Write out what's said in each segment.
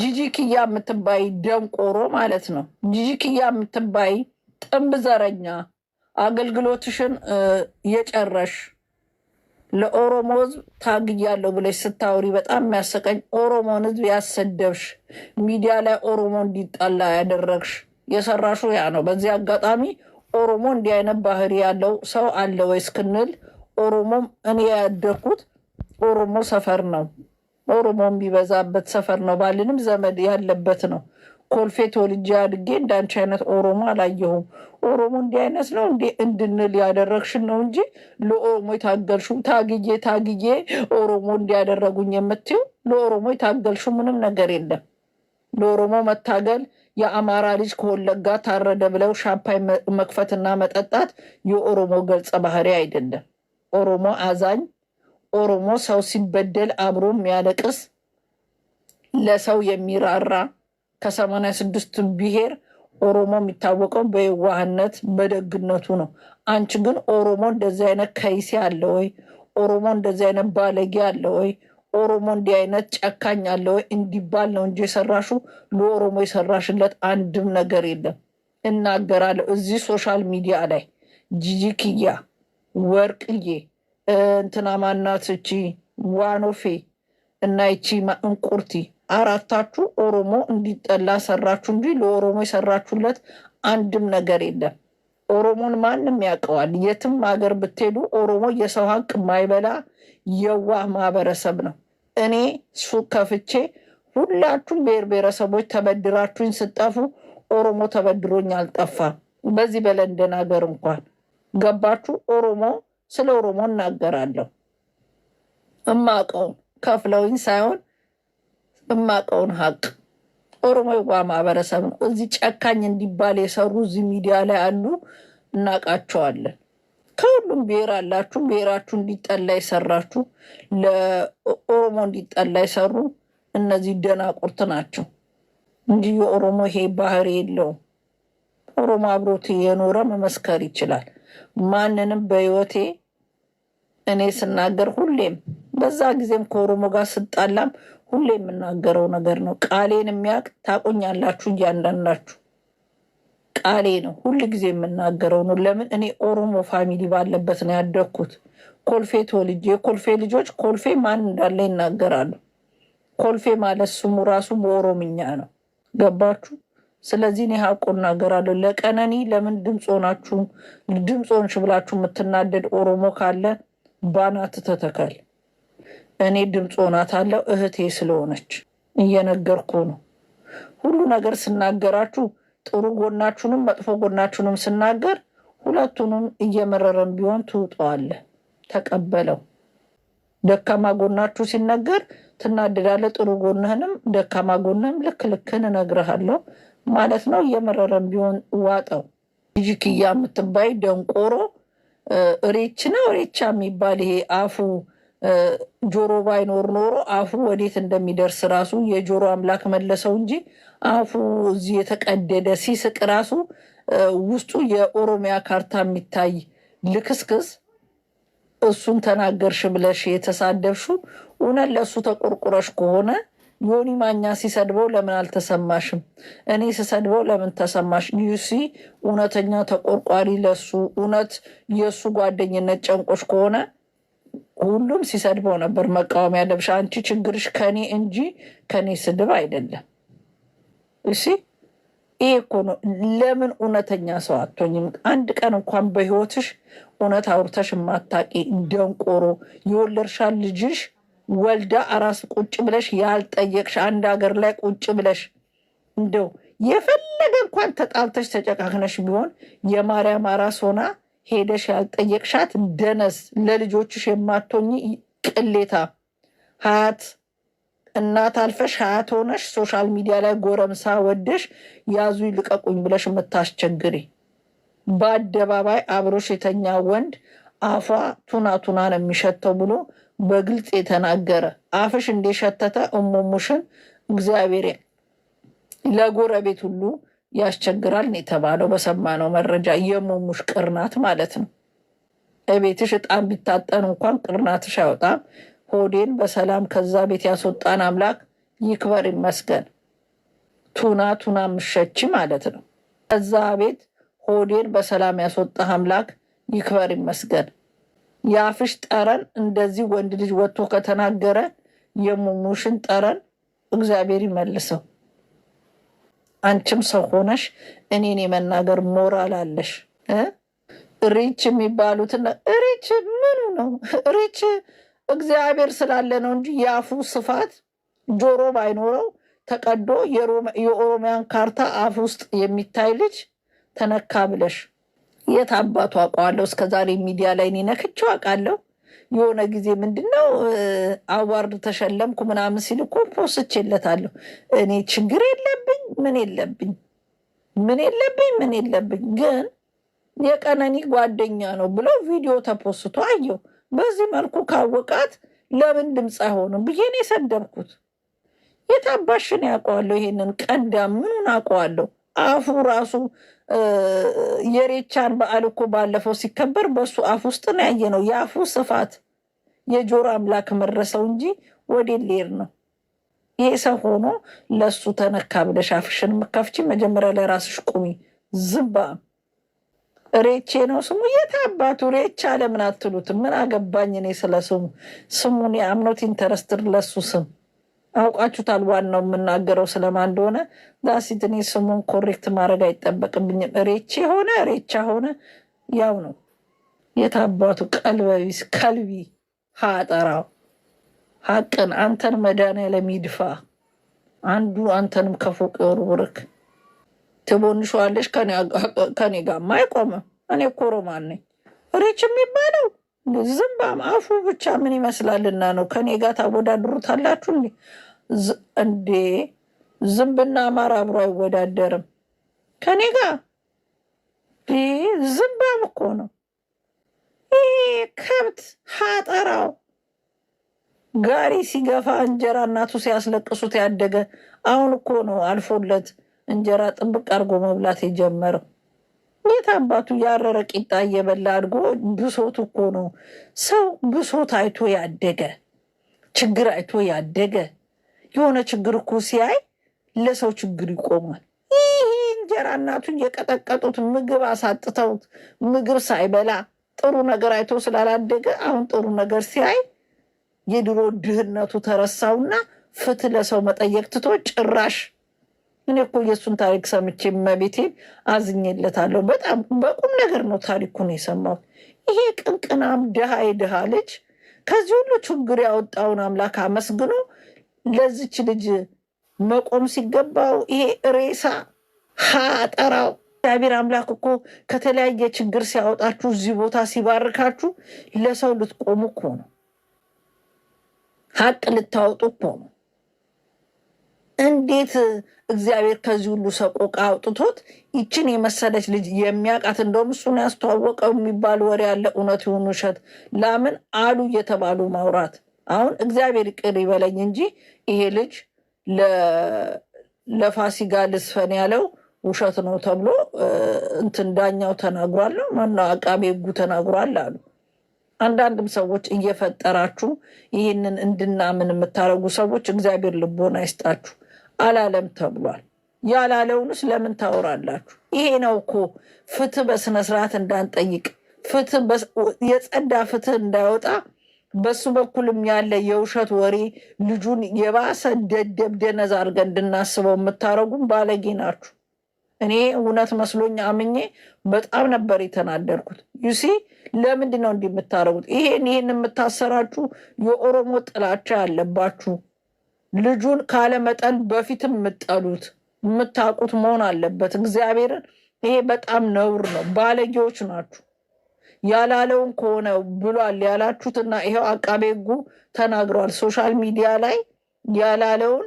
ጂጂ ክያ የምትባይ ደንቆሮ ማለት ነው። ጂጂ ክያ የምትባይ ጥንብ ዘረኛ አገልግሎትሽን የጨረሽ ለኦሮሞ ሕዝብ ታግያለሁ ብለሽ ስታወሪ በጣም የሚያሰቀኝ ኦሮሞን ሕዝብ ያሰደብሽ ሚዲያ ላይ ኦሮሞ እንዲጠላ ያደረግሽ የሰራሹ ያ ነው። በዚህ አጋጣሚ ኦሮሞ እንዲህ አይነት ባህሪ ያለው ሰው አለ ወይ እስክንል ኦሮሞም እኔ ያደግኩት ኦሮሞ ሰፈር ነው። ኦሮሞ የሚበዛበት ሰፈር ነው ባልንም ዘመድ ያለበት ነው። ኮልፌ ተወልጄ አድጌ እንዳንቺ አይነት ኦሮሞ አላየሁም። ኦሮሞ እንዲህ አይነት ነው እንዴ እንድንል ያደረግሽን ነው እንጂ ለኦሮሞ የታገልሹ ታግዬ ታግዬ ኦሮሞ እንዲያደረጉኝ የምትይው ለኦሮሞ የታገልሹ ምንም ነገር የለም። ለኦሮሞ መታገል የአማራ ልጅ ከወለጋ ታረደ ብለው ሻምፓኝ መክፈትና መጠጣት የኦሮሞ ገጸ ባህሪ አይደለም። ኦሮሞ አዛኝ ኦሮሞ ሰው ሲበደል አብሮ የሚያለቅስ ለሰው የሚራራ ከሰማንያ ስድስቱ ብሔር ኦሮሞ የሚታወቀው በየዋህነት በደግነቱ ነው። አንቺ ግን ኦሮሞ እንደዚህ አይነት ከይሴ አለ ወይ? ኦሮሞ እንደዚህ አይነት ባለጌ አለ ወይ? ኦሮሞ እንዲህ አይነት ጨካኝ አለ ወይ እንዲባል ነው እንጂ የሰራሹ ለኦሮሞ የሰራሽለት አንድም ነገር የለም። እናገራለሁ እዚህ ሶሻል ሚዲያ ላይ ጂጂክያ ወርቅዬ እንትና ማናት እቺ ዋኖፌ እና ይቺ እንቁርቲ አራታችሁ ኦሮሞ እንዲጠላ ሰራችሁ እንጂ ለኦሮሞ የሰራችሁለት አንድም ነገር የለም። ኦሮሞን ማንም ያውቀዋል። የትም ሀገር ብትሄዱ ኦሮሞ የሰው ሀቅ የማይበላ የዋህ ማህበረሰብ ነው። እኔ ሱቅ ከፍቼ ሁላችሁም ብሔር ብሔረሰቦች ተበድራችሁኝ ስጠፉ ኦሮሞ ተበድሮኝ አልጠፋም። በዚህ በለንደን ሀገር እንኳን ገባችሁ ኦሮሞ ስለ ኦሮሞ እናገራለሁ። እማቀውን ከፍለውኝ ሳይሆን እማቀውን ሀቅ ኦሮሞ የዋ ማህበረሰብ ነው። እዚህ ጨካኝ እንዲባል የሰሩ እዚህ ሚዲያ ላይ አሉ፣ እናቃቸዋለን። ከሁሉም ብሔር አላችሁ። ብሔራችሁ እንዲጠላ የሰራችሁ ለኦሮሞ እንዲጠላ የሰሩ እነዚህ ደናቁርት ናቸው እንጂ የኦሮሞ ይሄ ባህሪ የለውም። ኦሮሞ አብሮት የኖረ መመስከር ይችላል። ማንንም በህይወቴ እኔ ስናገር ሁሌም በዛ ጊዜም ከኦሮሞ ጋር ስጣላም ሁሌ የምናገረው ነገር ነው። ቃሌን የሚያውቅ ታቆኛላችሁ። እያንዳንዳችሁ ቃሌ ነው፣ ሁል ጊዜ የምናገረው ነው። ለምን እኔ ኦሮሞ ፋሚሊ ባለበት ነው ያደግኩት። ኮልፌ ተወልጄ የኮልፌ ልጆች ኮልፌ ማን እንዳለ ይናገራሉ። ኮልፌ ማለት ስሙ ራሱ በኦሮምኛ ነው። ገባችሁ? ስለዚህ እኔ ሀቁን እናገራለሁ። ለቀነኒ ለምን ድምፅ ሆናችሁ ድምፅ ሆንሽ ብላችሁ የምትናደድ ኦሮሞ ካለ ባናት ተተካል። እኔ ድምፅ ሆናታለሁ እህቴ ስለሆነች እየነገርኩ ነው። ሁሉ ነገር ስናገራችሁ ጥሩ ጎናችሁንም መጥፎ ጎናችሁንም ስናገር ሁለቱንም እየመረረን ቢሆን ትውጠዋለ። ተቀበለው። ደካማ ጎናችሁ ሲነገር ትናደዳለ። ጥሩ ጎንህንም ደካማ ጎንህም ልክ ልክን እነግርሃለሁ። ማለት ነው። እየመረረን ቢሆን ዋጠው። ልጅ የምትባይ ደንቆሮ ሬች ነው ሬቻ የሚባል ይሄ አፉ ጆሮ ባይኖር ኖሮ አፉ ወዴት እንደሚደርስ ራሱ የጆሮ አምላክ መለሰው እንጂ አፉ እዚህ የተቀደደ ሲስቅ ራሱ ውስጡ የኦሮሚያ ካርታ የሚታይ ልክስክስ እሱን ተናገርሽ ብለሽ የተሳደብሹ እውነት ለእሱ ተቆርቁረሽ ከሆነ ዮኒ ማኛ ሲሰድበው ለምን አልተሰማሽም? እኔ ስሰድበው ለምን ተሰማሽ? ዩሲ እውነተኛ ተቆርቋሪ ለሱ እውነት የእሱ ጓደኝነት ጨንቆሽ ከሆነ ሁሉም ሲሰድበው ነበር መቃወም ያለብሽ አንቺ። ችግርሽ ከኔ እንጂ ከኔ ስድብ አይደለም። እሺ ይሄ እኮ ነው። ለምን እውነተኛ ሰው አትሆኝም? አንድ ቀን እንኳን በህይወትሽ እውነት አውርተሽ ማታቂ ደንቆሮ የወለድሻል ልጅሽ ወልዳ አራስ ቁጭ ብለሽ ያልጠየቅሽ አንድ ሀገር ላይ ቁጭ ብለሽ እንደው የፈለገ እንኳን ተጣልተሽ ተጨቃክነሽ ቢሆን የማርያም አራስ ሆና ሄደሽ ያልጠየቅሻት ደነስ፣ ለልጆችሽ የማቶኝ ቅሌታ ሀያት እናት አልፈሽ ሀያት ሆነሽ ሶሻል ሚዲያ ላይ ጎረምሳ ወደሽ ያዙ ይልቀቁኝ ብለሽ የምታስቸግሪ በአደባባይ አብሮሽ የተኛ ወንድ አፏ ቱና ቱና ነው የሚሸተው ብሎ በግልጽ የተናገረ አፍሽ እንደሸተተ እሙሙሽን እግዚአብሔር ለጎረቤት ሁሉ ያስቸግራል ነው የተባለው። በሰማነው መረጃ የሙሙሽ ቅርናት ማለት ነው። እቤትሽ እጣን ቢታጠን እንኳን ቅርናትሽ አይወጣም። ሆዴን በሰላም ከዛ ቤት ያስወጣን አምላክ ይክበር ይመስገን። ቱና ቱና ምሸች ማለት ነው። ከዛ ቤት ሆዴን በሰላም ያስወጣ አምላክ ይክበር ይመስገን። የአፍሽ ጠረን እንደዚህ ወንድ ልጅ ወጥቶ ከተናገረ የሙሙሽን ጠረን እግዚአብሔር ይመልሰው። አንቺም ሰው ሆነሽ እኔን የመናገር ሞራል አለሽ። ሪች የሚባሉትና ሪች ምኑ ነው ሪች? እግዚአብሔር ስላለ ነው እንጂ የአፉ ስፋት ጆሮ ባይኖረው ተቀዶ የኦሮሚያን ካርታ አፍ ውስጥ የሚታይ ልጅ ተነካ ብለሽ የት አባቱ አውቀዋለሁ? እስከዛሬ ሚዲያ ላይ እኔ ነክቼው አውቃለሁ። የሆነ ጊዜ ምንድነው አዋርድ ተሸለምኩ ምናምን ሲል እኮ ፖስቼለታለሁ። እኔ ችግር የለብኝ ምን የለብኝ ምን የለብኝ ምን የለብኝ፣ ግን የቀነኒ ጓደኛ ነው ብለው ቪዲዮ ተፖስቶ አየው። በዚህ መልኩ ካወቃት ለምን ድምፅ አይሆኑም ብዬ ነው የሰደብኩት። የታባሽን ያውቀዋለሁ? ይሄንን ቀንዳ ምኑን አውቀዋለሁ? አፉ ራሱ የሬቻን በዓል እኮ ባለፈው ሲከበር በሱ አፍ ውስጥ ነው ያየ ነው። የአፉ ስፋት የጆሮ አምላክ መረሰው እንጂ ወደ ሌር ነው። ይሄ ሰው ሆኖ ለሱ ተነካ ብለሽ አፍሽን ምከፍቺ፣ መጀመሪያ ለራስሽ ቁሚ። ዝባ ሬቼ ነው ስሙ። የት አባቱ ሬቻ ለምን አትሉት ምን አገባኝ እኔ ስለ ስሙ። ስሙን የአምኖት ኢንተረስትር ለሱ ስም አውቃችሁታል። ዋናው የምናገረው ስለማን እንደሆነ ዳሲት። እኔ ስሙን ኮሬክት ማድረግ አይጠበቅብኝም። ሬቼ ሆነ ሬቻ ሆነ ያው ነው። የታባቱ ቀልበቢስ ቀልቢ ሀጠራው ሀቅን አንተን መድኃኒዓለም ይድፋ። አንዱ አንተንም ከፎቅ የወርውርክ ትቦንሸዋለሽ። ከኔ ጋማ አይቆምም። እኔ ኮሮማን ነኝ ሬች የሚባለው ዝም በአፉ ብቻ ምን ይመስላልና ነው? ከኔ ጋር ታወዳድሩታላችሁ እንዴ? ዝንብና አማራ አብሮ አይወዳደርም። ከኔ ጋር ዝምባም እኮ ነው ይህ ከብት ሀጠራው ጋሪ ሲገፋ እንጀራ እናቱ ሲያስለቅሱት ያደገ አሁን እኮ ነው አልፎለት እንጀራ ጥብቅ አድርጎ መብላት የጀመረው። የት አባቱ ያረረ ቂጣ እየበላ አድጎ ብሶት እኮ ነው። ሰው ብሶት አይቶ ያደገ ችግር አይቶ ያደገ የሆነ ችግር እኮ ሲያይ ለሰው ችግር ይቆማል። ይህ እንጀራ እናቱን የቀጠቀጡት ምግብ አሳጥተውት ምግብ ሳይበላ ጥሩ ነገር አይቶ ስላላደገ አሁን ጥሩ ነገር ሲያይ የድሮ ድህነቱ ተረሳውና ፍትህ ለሰው መጠየቅ ትቶ ጭራሽ እኔ እኮ የእሱን ታሪክ ሰምቼ መቤቴን አዝኜለታለሁ። በጣም በቁም ነገር ነው ታሪኩን የሰማሁት። ይሄ ቅንቅናም ድሃ የድሃ ልጅ ከዚህ ሁሉ ችግር ያወጣውን አምላክ አመስግኖ ለዚች ልጅ መቆም ሲገባው ይሄ ሬሳ ሀጠራው እግዚአብሔር አምላክ እኮ ከተለያየ ችግር ሲያወጣችሁ እዚህ ቦታ ሲባርካችሁ ለሰው ልትቆሙ እኮ ነው። ሀቅ ልታወጡ እኮ ነው። እንዴት እግዚአብሔር ከዚህ ሁሉ ሰቆቃ አውጥቶት ይችን የመሰለች ልጅ የሚያውቃት እንደውም እሱን ያስተዋወቀው የሚባል ወሬ ያለ እውነት ይሁን ውሸት ለምን አሉ እየተባሉ ማውራት። አሁን እግዚአብሔር ይቅር ይበለኝ እንጂ ይሄ ልጅ ለፋሲካ ልስፈን ያለው ውሸት ነው ተብሎ እንትን ዳኛው ተናግሯል ማነው አቃቤ ሕጉ ተናግሯል አሉ። አንዳንድም ሰዎች እየፈጠራችሁ ይህንን እንድናምን የምታደርጉ ሰዎች እግዚአብሔር ልቦና አይስጣችሁ። አላለም ተብሏል። ያላለውንስ ለምን ታወራላችሁ? ይሄ ነው እኮ ፍትህ በስነስርዓት እንዳንጠይቅ ፍትህ የጸዳ ፍትህ እንዳይወጣ በሱ በኩልም ያለ የውሸት ወሬ ልጁን የባሰ ደደብ ደነዝ አድርገን እንድናስበው የምታረጉም ባለጌ ናችሁ። እኔ እውነት መስሎኝ አምኜ በጣም ነበር የተናደርኩት ዩሲ ለምንድን ነው እንዲህ የምታረጉት? ይሄን ይህን የምታሰራችሁ የኦሮሞ ጥላቻ ያለባችሁ ልጁን ካለመጠን በፊት የምጠሉት የምታውቁት መሆን አለበት። እግዚአብሔርን ይሄ በጣም ነውር ነው። ባለጌዎች ናችሁ። ያላለውን ከሆነ ብሏል ያላችሁትና ይሄው አቃቤ ሕጉ ተናግሯል። ሶሻል ሚዲያ ላይ ያላለውን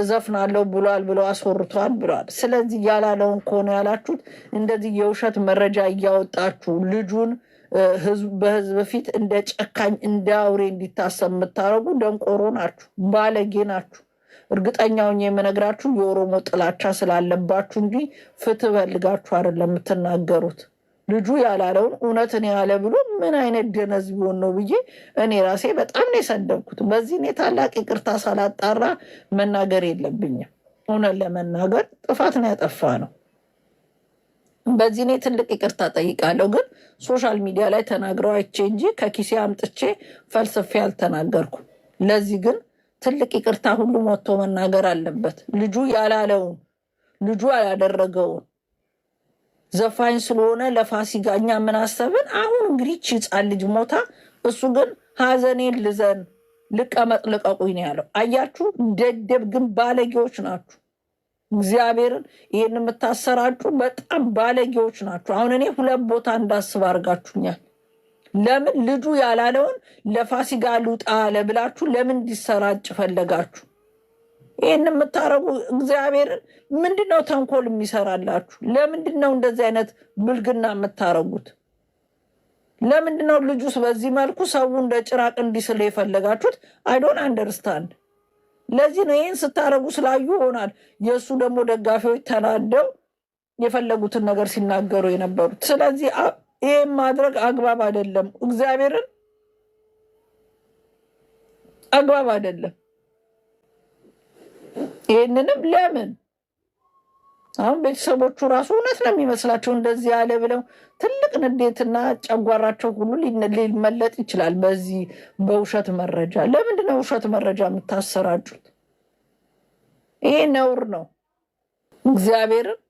እዘፍናለሁ ብሏል ብለው አስወርቷል ብሏል። ስለዚህ ያላለውን ከሆነ ያላችሁት እንደዚህ የውሸት መረጃ እያወጣችሁ ልጁን በህዝብ ፊት እንደ ጨካኝ እንደ አውሬ እንዲታሰብ የምታደርጉ ደንቆሮ ናችሁ፣ ባለጌ ናችሁ። እርግጠኛው የምነግራችሁ የኦሮሞ ጥላቻ ስላለባችሁ እንጂ ፍትህ ፈልጋችሁ አይደለም የምትናገሩት። ልጁ ያላለውን እውነትን ያለ ብሎ ምን አይነት ደነዝ ቢሆን ነው ብዬ እኔ ራሴ በጣም ነው የሰደብኩት። በዚህ እኔ ታላቅ ይቅርታ ሳላጣራ መናገር የለብኝም። እውነት ለመናገር ጥፋት ነው ያጠፋ ነው በዚህ እኔ ትልቅ ይቅርታ ጠይቃለሁ። ግን ሶሻል ሚዲያ ላይ ተናግረው አይቼ እንጂ ከኪሴ አምጥቼ ፈልስፌ አልተናገርኩ። ለዚህ ግን ትልቅ ይቅርታ ሁሉም ወጥቶ መናገር አለበት። ልጁ ያላለውን ልጁ ያላደረገውን ዘፋኝ ስለሆነ ለፋሲካ እኛ ምን አሰብን? አሁን እንግዲህ ህፃን ልጅ ሞታ፣ እሱ ግን ሀዘኔን ልዘን ልቀመጥ ልቀቁኝ ያለው። አያችሁ፣ ደደብ ግን ባለጌዎች ናችሁ። እግዚአብሔርን ይህን የምታሰራጩ በጣም ባለጌዎች ናችሁ። አሁን እኔ ሁለት ቦታ እንዳስብ አድርጋችሁኛል። ለምን ልጁ ያላለውን ለፋሲጋ ልውጣ አለ ብላችሁ ለምን እንዲሰራጭ ፈለጋችሁ? ይህን የምታረጉ እግዚአብሔርን ምንድን ነው ተንኮል የሚሰራላችሁ? ለምንድን ነው እንደዚህ አይነት ብልግና የምታረጉት? ለምንድን ነው ልጁስ በዚህ መልኩ ሰው እንደ ጭራቅ እንዲስል የፈለጋችሁት? አይዶን አንደርስታንድ ለዚህ ነው ይህን ስታረጉ ስላዩ ይሆናል የእሱ ደግሞ ደጋፊዎች ተናደው የፈለጉትን ነገር ሲናገሩ የነበሩት። ስለዚህ ይህን ማድረግ አግባብ አይደለም፣ እግዚአብሔርን አግባብ አይደለም። ይህንንም ለምን አሁን ቤተሰቦቹ ራሱ እውነት ነው የሚመስላቸው እንደዚህ ያለ ብለው ትልቅ ቅንዴትና ጨጓራቸው ሁሉ ሊመለጥ ይችላል። በዚህ በውሸት መረጃ ለምንድነው ውሸት መረጃ የምታሰራጩት? ይሄ ነውር ነው። እግዚአብሔርን